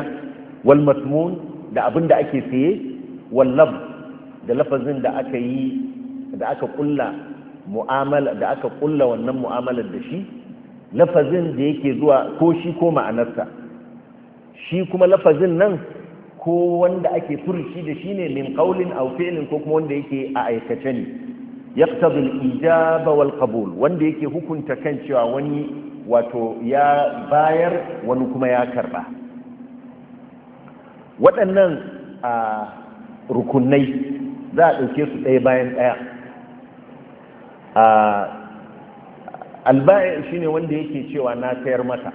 wal masmun da abinda ake saye wal da lafazin da aka yi da aka kulla mu'amala da aka kulla wannan mu'amalar da shi lafazin da yake zuwa ko shi ko ma'anarsa shi kuma lafazin nan ko wanda ake furci da shi ne min qaulin aw fi'lin ko kuma wanda yake a aikace ne yaqtadi al-ijaba wal qabul wanda yake hukunta kan cewa wani wato ya bayar wani kuma ya karba waɗannan rukunai za a ɗauke su ɗaya bayan ɗaya alba'i shine wanda yake cewa na sayar maka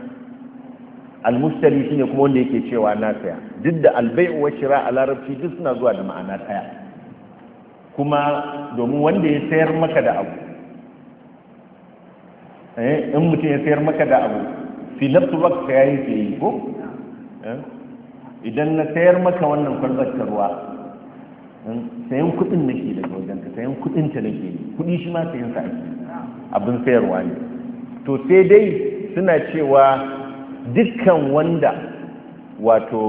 almustari shine kuma wanda yake cewa na saya duk da albai wa shira a larabci duk suna zuwa da ma'ana ɗaya kuma domin wanda ya sayar maka da abu eh, in mutum ya sayar maka da abu fi nafsu ba ya yi ko eh, idan na sayar maka wannan kwanzar ruwa sayan kuɗin ke daga wajen ka sayan kuɗin ta nake kuɗi shi ma sayan sa ake abin sayarwa ne to sai dai suna cewa dukkan wanda wato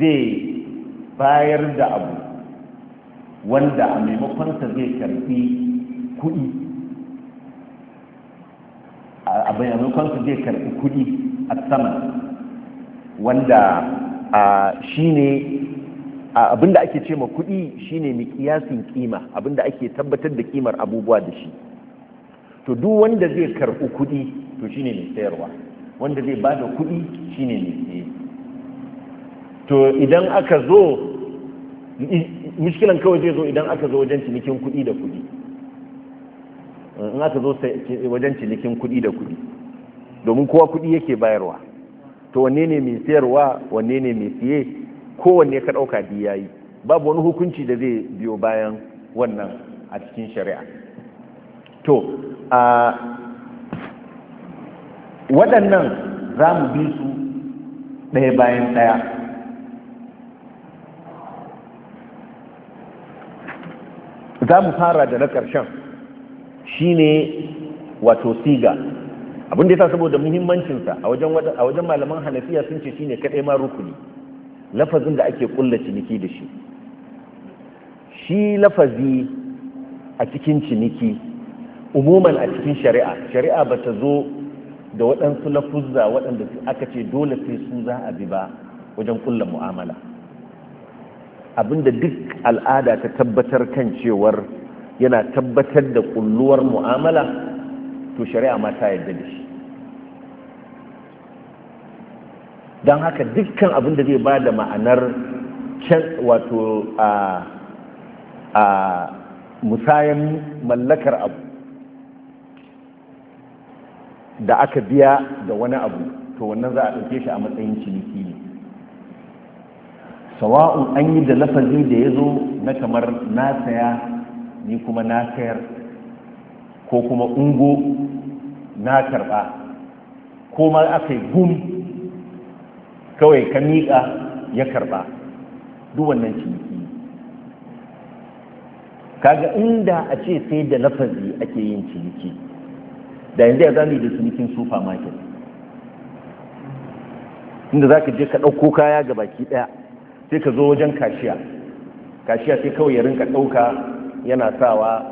zai bayar da abu wanda a maimakon sa zai karbi kuɗi a sa zai karbi kuɗi a sama wanda shi ne abinda ake ce ma kuɗi shine miƙiyasin kima abinda ake tabbatar da kimar abubuwa da shi to duk wanda zai karɓi kuɗi to shine mai sayarwa wanda zai ba da kuɗi shine mai saye to idan aka zo mushkilan kawai zai zo idan aka zo wajen cinikin kuɗi da kuɗi in aka zo wajen cinikin kuɗi da kuɗi domin kowa kuɗi yake bayarwa to wanne ne mai sayarwa wanne ne mai siye kowanne ka ɗauka biyu yi, babu wani hukunci da zai biyo bayan wannan a cikin shari'a to a waɗannan za mu bi su ɗaya bayan ɗaya za mu fara da na ƙarshen shine wato siga abinda ya sa saboda muhimmancinsa a wajen malaman hanafiya sun ce shi ne kaɗai ma rukuni lafazin da ake kulla ciniki da shi shi lafazi a cikin ciniki umuman a cikin shari'a shari'a ba ta zo da waɗansu lafuzza waɗanda aka ce dole sai su za a bi ba wajen kulla mu'amala abinda duk al'ada ta tabbatar kan cewar yana tabbatar da kulluwar mu'amala to shari'a ma ta yarda da shi don haka dukkan abin da zai ba da ma'anar wato a musayan mallakar abu da aka biya da wani abu to wannan za a ɗauke shi a matsayin ciniki ne sawa'un an yi da lafazi da ya zo na kamar na saya ni kuma na sayar ko kuma ungo na karɓa ko ma aka yi gum kawai ka miƙa ya karɓa duk wannan ciniki kaga inda a ce sai da lafazi ake yin ciniki da yanzu ya zami da cinikin supermarket inda za ka je ka ɗauko kaya ga baki ɗaya sai ka zo wajen kashiya kashiya sai kawai ya rinka ɗauka yana sawa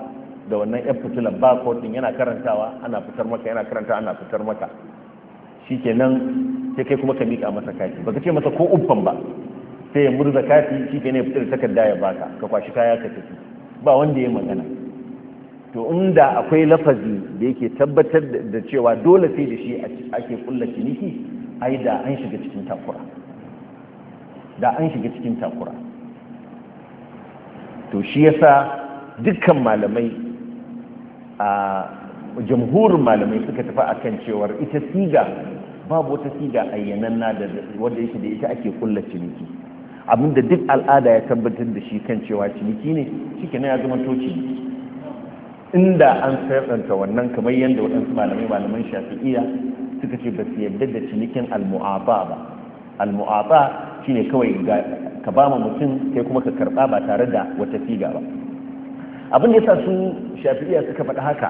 da wannan 'yan fitilan ba kotun yana karantawa ana fitar maka yana karanta ana fitar maka shikenan sai kai kuma ka miƙa masa kati baka ce masa ko uffan ba sai ya murza kati shikenan ya fitar takarda ya baka ka kwashi kaya ka tafi ba wanda ya magana to inda akwai lafazi da yake tabbatar da cewa dole sai da shi ake kulla ciniki ai da an shiga cikin takura da an shiga cikin takura to shi yasa dukkan malamai a jamhurin malamai suka tafi akan cewar ita siga babu wata siga ayyananna da wanda yake da ita ake kulla ciniki abinda duk al'ada ya tabbatar da shi kan cewa ciniki ne shike ya zama to inda an sayaranta wannan kamar yadda waɗansu malamai malaman shafi'iya suka ce ba su yarda da cinikin almu'aba ba almu'aba shine kawai ka ba mutum kai kuma ka karɓa ba tare da wata siga ba abin da yasa su shafi'iya suka faɗi haka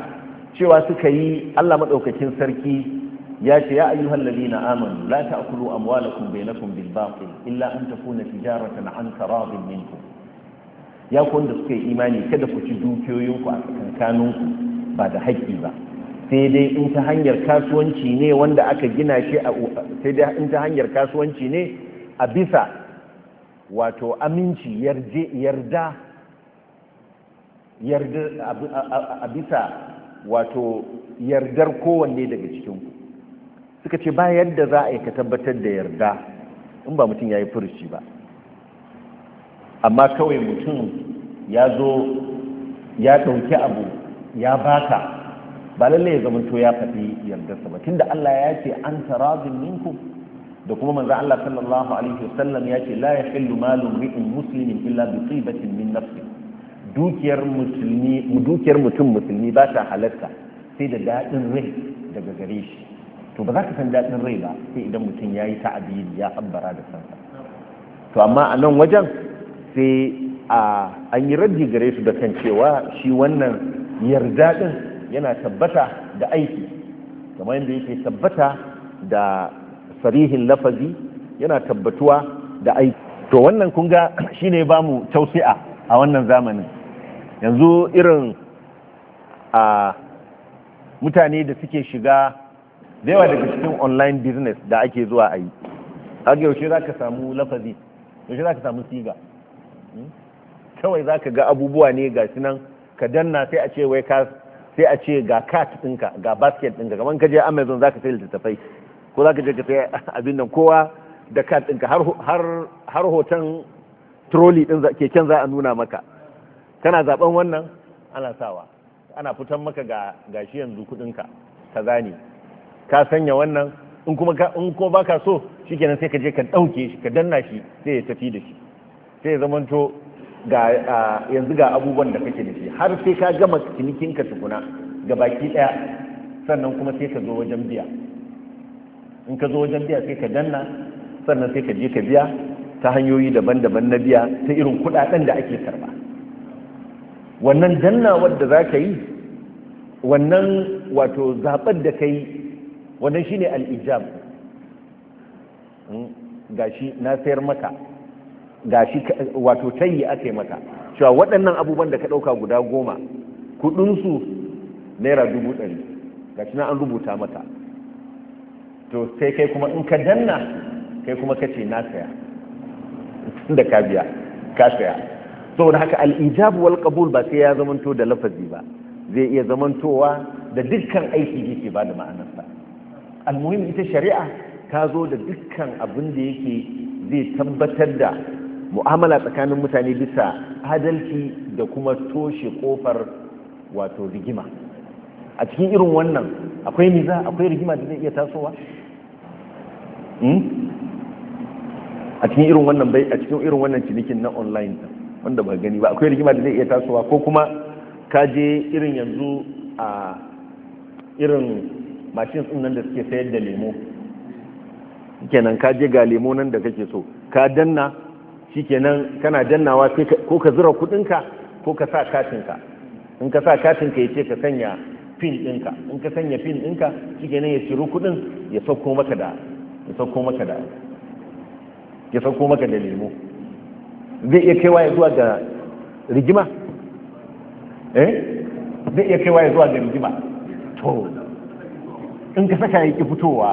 cewa suka yi Allah maɗaukakin sarki ya ce ya ayyuhal ladina amanu la ta'kulu amwalakum bainakum bil batil illa an takuna tijaratan an taradin minkum ya ku da suka yi imani kada ku ci dukiyoyinku a tsakankaninku ba da haƙƙi ba sai dai in ta hanyar kasuwanci ne wanda aka gina shi a sai dai in ta hanyar kasuwanci ne a bisa wato aminci yarda yarda a bisa wato yardar kowanne daga cikinku suka ce ba yadda za a yi ka tabbatar da yarda in ba mutum ya yi furuci ba amma kawai mutum ya zo ya ɗauki abu ya baka ba lallai ya to ya faɗi yardarsa ba tunda Allah ya ce an tarazin minkum da kuma manzo Allah sallallahu alaihi wasallam ya ce la yahillu malu ri'in muslimin illa bi tibatin min nafsi dukiyar musulmi dukiyar mutum musulmi ba ta halatta sai da dadin rai daga gare shi to ba za ka san daɗin rai ba sai idan mutum ya yi ta'abiri ya bara da sansa to amma a nan wajen sai a an yi raddi gare su da kan cewa shi wannan yarda ɗin yana tabbata da aiki kamar yadda yake tabbata da sarihin lafazi yana tabbatuwa da aiki to wannan kun ga shine ba mu tausi'a a wannan zamanin yanzu irin a mutane da suke shiga da yawa daga cikin online business da ake zuwa a yi haka yaushe za ka samu lafazi yaushe za ka samu siga hmm? kawai za ka ga abubuwa ne ga nan ka danna sai a ce wai ka sai a ce ga cart ɗinka ga basket ɗinka kamar ka je amazon za ka sai littattafai ko za ka je ka sai abin nan kowa da cart ɗinka har hoton trolley ɗin keken za a nuna maka kana zaben wannan ana sawa ana fitan maka ga shi yanzu kuɗinka ka zane ka sanya wannan in kuma in ko baka so shikenan sai ka je ka dauke shi ka danna shi sai ya tafi da shi sai ya zamanto ga yanzu ga abubuwan da kake da shi har sai ka gama cinikin ka tukuna ga baki daya sannan kuma sai ka zo wajen biya in ka zo wajen biya sai ka danna sannan sai ka je ka biya ta hanyoyi daban-daban na biya ta irin kudaden da ake karba wannan danna wadda za ka yi wannan wato zaɓar da ka yi wannan shine al-ijab gashi na sayar maka gashi wato tayi ake maka cewa waɗannan abubuwan da ka ɗauka guda goma kudinsu naira dubu ɗari gashi na an rubuta maka to sai kai kuma in ka danna kai kuma ka ce na saya da ka biya ka saya saboda haka al-ijab wal qabul ba sai ya zamanto da lafazi ba zai iya zamantowa da dukkan aiki yake ba da ma'anarsa almuhim ita shari'a ta zo da dukkan abin da yake zai tabbatar da mu'amala tsakanin mutane bisa adalci da kuma toshe kofar wato rigima a cikin irin wannan akwai miza akwai rigima da zai iya tasowa hmm? a cikin irin wannan bai a cikin irin wannan cinikin na online wanda ba gani ba akwai rigima da zai iya tasowa ko kuma ka je irin yanzu a irin mashin sun nan da suke sayar da lemo kenan ka je ga lemo nan da kake so ka danna shi kenan kana dannawa sai ko ka zura kudinka ko ka sa katinka in ka sa katinka ya ce ka sanya pin ɗinka in ka sanya pin ɗinka kenan ya shiru kudin ya sauko maka da ya sauko maka da ya sauko maka da lemo zai iya kaiwa ya zuwa da rigima eh zai iya kaiwa ya zuwa ga rigima to in ka saka ya ki fitowa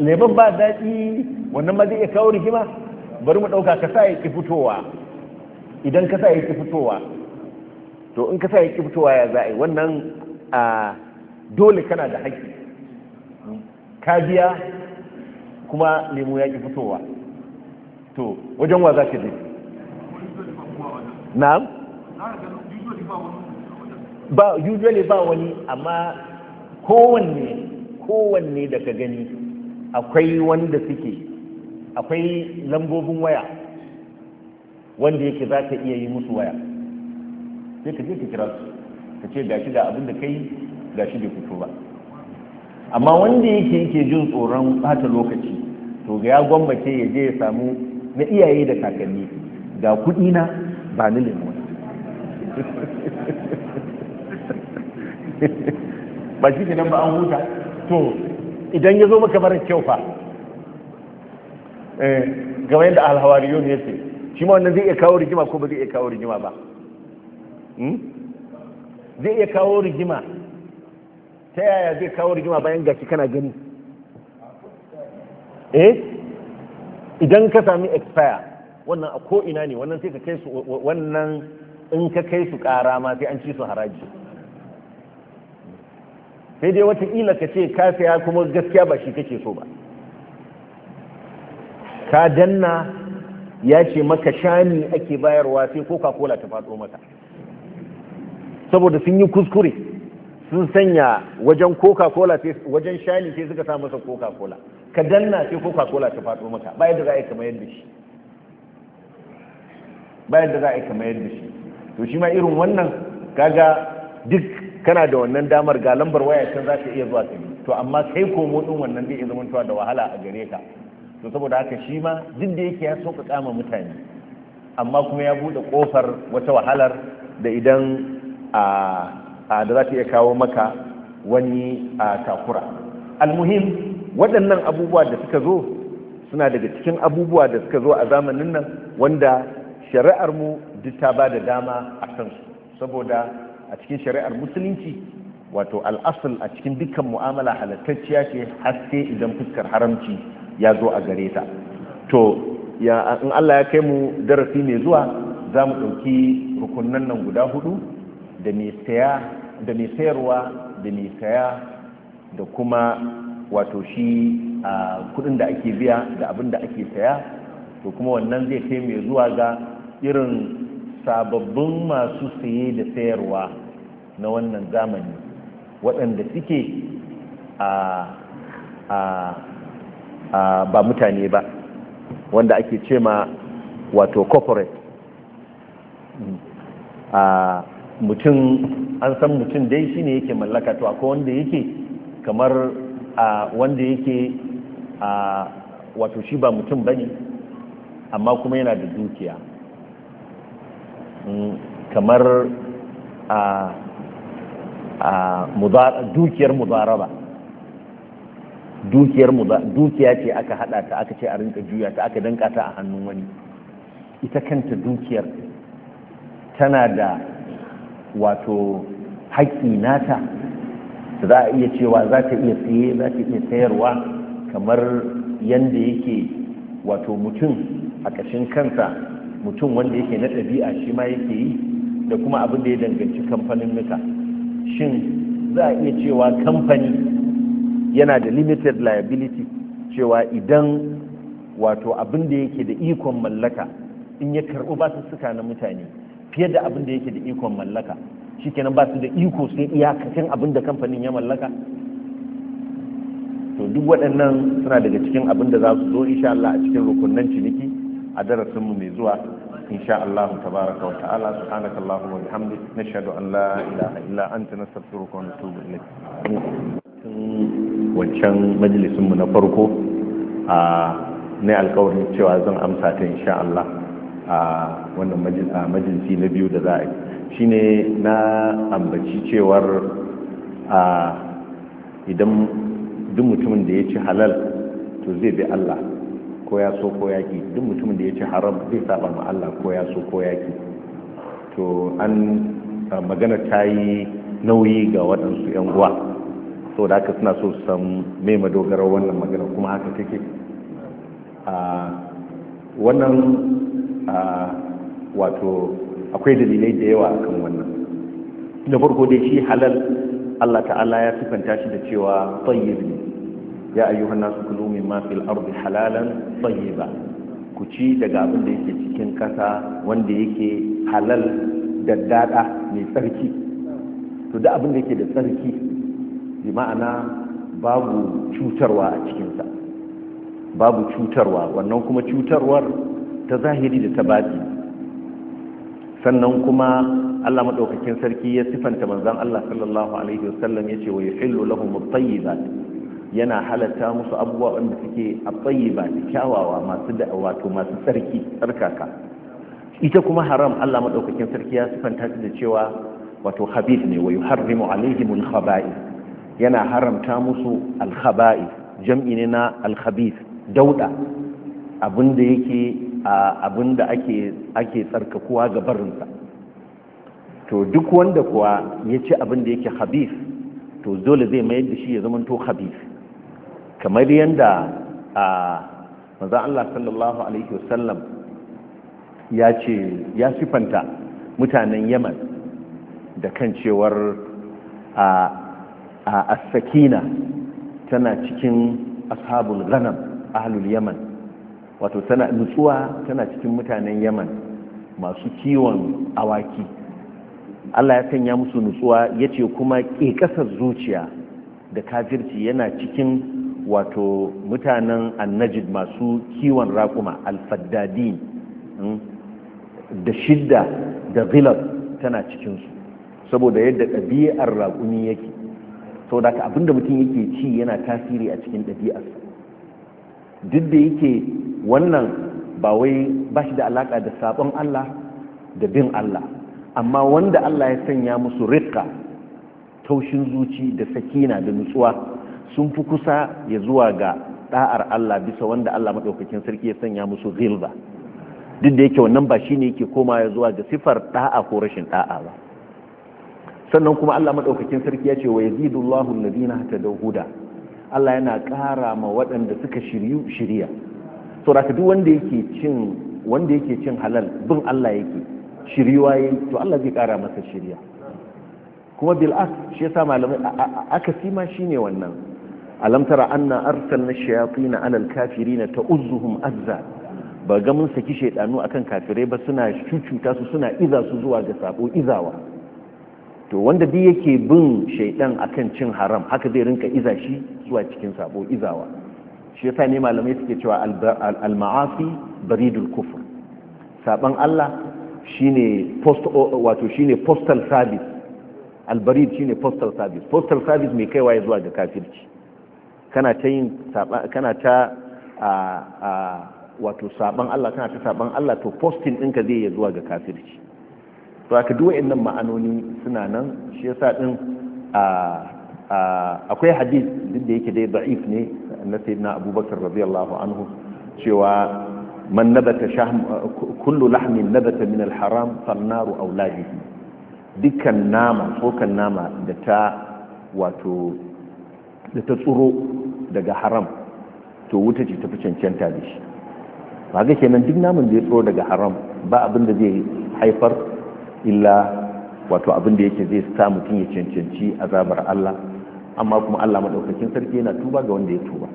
leman ba daɗi wannan ma zai iya kawo rigima bari mu ɗauka ka sa ya ki fitowa idan ka sa ya ki fitowa to in ka sa ya ki fitowa ya za'a yi wannan a dole kana da haƙƙi ka biya kuma lemu ya ki fitowa to wajen wa za ka je na'am ba usually ba wani amma kowanne kowanne da ka gani akwai wanda suke akwai lambobin waya wanda yake za ka iya yi musu waya sai ka je ka kira su ka ce ga shi da abin da kai ga shi da fito ba amma wanda yake yake jin tsoron bata lokaci to ga ya gwammace ya je ya samu na iyaye da kakanni ga kuɗi na ba ni lemo ba shi nan ba an huta to idan ya zo maka mara kyau fa gaba eh, yadda alhawariyon ya ce shi ma wannan zai iya kawo rigima ko ba zai iya kawo rigima ba hmm? zai iya kawo rigima ta yaya zai kawo rigima bayan gashi kana gani eh idan ka sami expire wannan a ko'ina ne wannan sai ka kai su wannan in ka kai su kara ma sai an ci su haraji sai dai watakila ka ce ka saya kuma gaskiya ba shi kake so ba ka danna ya ce maka shani ake bayarwa sai coca cola ta faɗo maka saboda sun yi kuskure sun sanya wajen coca cola wajen shani sai suka sa masa coca cola ka danna sai coca cola ta faɗo maka bayan da za a yi kamar yadda shi bayan da za a yi kamar yadda shi to shi ma irin wannan kaga duk kana da wannan damar ga lambar waya can za ka iya zuwa ka to amma kai komo din wannan zai zama tuwa da wahala a gare ka to saboda haka shi ma duk da yake ya sauƙaƙa ma mutane amma kuma ya buɗe ƙofar wata wahalar da idan a da za ta iya kawo maka wani a takura almuhim waɗannan abubuwa da suka zo suna daga cikin abubuwa da suka zo a zamanin nan wanda shari'ar mu duk ta ba da dama a kansu saboda a cikin shari'ar musulunci wato al'asul a cikin dukkan mu'amala halattacciya ce haske idan fuskar haramci ya zo a gare ta to ya in Allah ya kai mu darasi mai zuwa za mu ɗauki rukunan nan guda hudu da mai da mai sayarwa da mai saya da kuma wato shi a kudin da ake biya da abin da ake saya to kuma wannan zai kai mai zuwa ga irin sababbin masu saye da sayarwa na wannan zamani waɗanda suke a ba mutane ba wanda ake ce ma wato corporate a mutum an san mutum dai shi ne yake mallaka to akwai wanda yake kamar wanda yake wato shi ba mutum bane amma kuma yana da dukiya kamar a dukiyar mudaraba dukiyar dukiya ce aka hada ta aka ce a rinka juya ta aka danka ta a hannun wani ita kanta dukiyar tana da wato haƙƙi nata za a iya cewa za ta iya tsaye za ta iya sayarwa kamar yadda yake wato mutum a ƙashin kansa mutum wanda yake na ɗabi'a shi ma yake yi da kuma abin da ya danganci kamfanin nuka shin za a iya cewa kamfani yana da limited liability cewa idan wato abin da yake da ikon mallaka in ya karɓi ba su suka na mutane fiye da abin da yake da ikon mallaka shikenan ba su da iko sai iyakacin abin da kamfanin ya mallaka to duk waɗannan suna daga cikin abin da za su zo insha Allah a cikin rukunnan ciniki a darasinmu mai zuwa insha Allah tabaraka wa ta'ala subhanaka allahumma wa bihamdik nashhadu an la ilaha illa anta nastaghfiruka wa natubu ilayk wancan majalisin na farko a ne alkawarin cewa zan amsa ta insha Allah a wannan majalisi na biyu da za a yi shine na ambaci cewar a idan duk mutumin da ya ci halal to zai bi Allah ko ya so ko yaki duk mutumin da ya ce haram zai saba ma Allah ko ya so ko yaki to an magana ta yi nauyi ga waɗansu 'yan uwa so da haka suna so su san mai madogarar wannan magana kuma haka take wannan wato akwai dalilai da yawa akan wannan da farko dai shi halal Allah ta'ala ya sifanta shi da cewa tsayyib ya ayyuhan nasu kulu mimma fil ardi halalan tayyiba ku ci daga abin da yake cikin kasa wanda yake halal da dada mai tsarki to da abin da yake da tsarki bi ma'ana babu cutarwa a cikinsa babu cutarwa wannan kuma cutarwar ta zahiri da ta baɗi sannan kuma Allah maɗaukakin sarki ya sifanta manzon Allah sallallahu alaihi wasallam ya ce wa yuhillu lahum at-tayyibat yana halatta musu abubuwa wanda suke a tsayi ba da kyawawa masu da wato masu sarki tsarkaka ita kuma haram Allah maɗaukakin sarki ya sifanta da cewa wato habib ne wa yuharrimu alaihim al yana haramta musu al jam'i ne na alkhabith dauɗa dauda abinda yake abinda ake ake tsarkakuwa ga barinsa to duk wanda kuwa ya ci abinda yake habith to dole zai mayar da shi ya zama to habith kamar yadda a Allah sallallahu Alaihi wasallam ya ce ya sifanta mutanen yaman da kan cewar a sakina tana cikin ashabul ganam ahlul yaman wato tana nutsuwa tana cikin mutanen yaman masu kiwon awaki Allah ya sanya musu nutsuwa ya ce kuma ƙeƙasar zuciya da kafirci yana cikin wato mutanen annajid masu kiwon raƙuma alfaddadin hmm, da shidda da zilab tana cikinsu saboda yadda ɗabi'ar raƙumi yake sau da abinda mutum yake ci yana tasiri a cikin ɗabi'ar. duk da yake wannan ba wai ba shi da alaƙa da sabon Allah da bin Allah amma wanda Allah ya sanya musu rikka taushin zuci da sakina da nutsuwa sun fi kusa ya zuwa ga ɗa'ar Allah bisa wanda Allah maɗaukakin sarki ya sanya musu zilba duk da yake wannan ba shi ne yake koma ya zuwa ga sifar ɗa'a ko rashin ɗa'a ba sannan kuma Allah maɗaukakin sarki ya ce wa ya na ta da huda Allah yana ƙara ma waɗanda suka shiryu shiriya so da duk wanda yake cin wanda yake cin halal bin Allah yake shiryuwa yake to Allah zai ƙara masa shiriya kuma bil'as shi yasa malamai akasima shine wannan alam tara anna arsalna shayatin ala alkafirin ta'uzuhum azza ba ga mun saki shaydanu akan kafirai ba suna cucuta su suna iza su zuwa ga sabo izawa to wanda duk yake bin shaydan akan cin haram haka zai rinka iza shi zuwa cikin sabo izawa shi yasa ne malamai suke cewa al baridul kufr saban Allah shine post wato shine postal service albarid shine postal service postal service mai kaiwa zuwa ga kafirci kana ta yin kana ta wato saban Allah kana ta saban Allah to posting ɗinka zai iya zuwa ga kafirci to aka duwa innan ma'anoni suna nan shi yasa din akwai hadith duk da yake dai da'if ne na sayyidina abubakar radiyallahu anhu cewa man nabata shahm kullu lahmin nabata min alharam haram fannaru auladihi dukkan nama tsokan nama da ta wato da ta tsuro daga haram to wuta ce ta fi cancanta da shi ba ga kenan duk namun da ya tsoro daga haram ba abin da zai haifar illa wato abin da yake zai sa mutum ya cancanci azabar Allah amma kuma Allah sarki yana tuba ga wanda ya tuba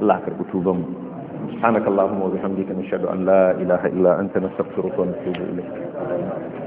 Allah karɓi karbi tuban mu سبحانك wa وبحمدك نشهد an la ilaha illa anta نستغفرك ونتوب natubu